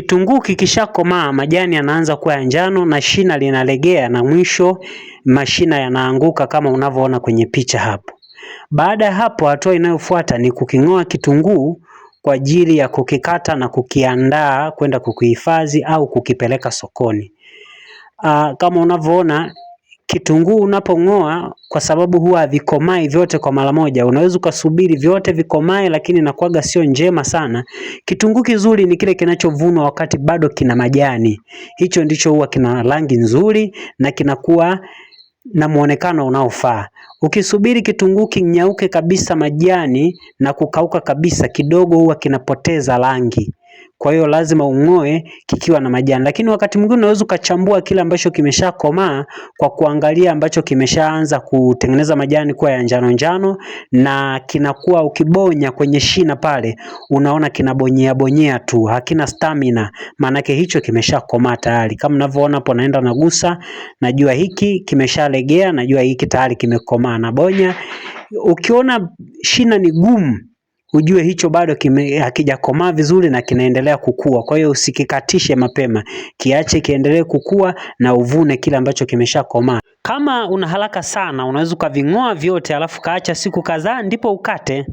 Kitunguu kikishakomaa majani yanaanza kuwa ya njano na shina linalegea na mwisho mashina yanaanguka kama unavyoona kwenye picha hapo. Baada ya hapo hatua inayofuata ni kuking'oa kitunguu kwa ajili ya kukikata na kukiandaa kwenda kukihifadhi au kukipeleka sokoni. Ah, kama unavyoona Kitunguu unapong'oa kwa sababu huwa havikomai vyote kwa mara moja, unaweza ukasubiri vyote vikomae lakini inakuwaga sio njema sana. Kitunguu kizuri ni kile kinachovunwa wakati bado kina majani. Hicho ndicho huwa kina rangi nzuri na kinakuwa na muonekano unaofaa. Ukisubiri kitunguu kinyauke kabisa majani na kukauka kabisa kidogo huwa kinapoteza rangi. Kwa hiyo lazima ung'oe kikiwa na majani, lakini wakati mwingine unaweza ukachambua kile ambacho kimeshakomaa kwa kuangalia ambacho kimeshaanza kutengeneza majani kuwa ya njano njano na kinakuwa ukibonya kwenye shina pale unaona kinabonyea bonyea tu, hakina stamina, maanake hicho kimeshakomaa tayari. Kama mnavyoona hapo, naenda nagusa, najua hiki kimeshalegea, najua hiki tayari kimekomaa, nabonya. Ukiona shina ni gumu ujue hicho bado hakijakomaa vizuri na kinaendelea kukua. Kwa hiyo usikikatishe mapema, kiache kiendelee kukua na uvune kile ambacho kimeshakomaa. Kama una haraka sana, unaweza ukaving'oa vyote alafu kaacha siku kadhaa ndipo ukate.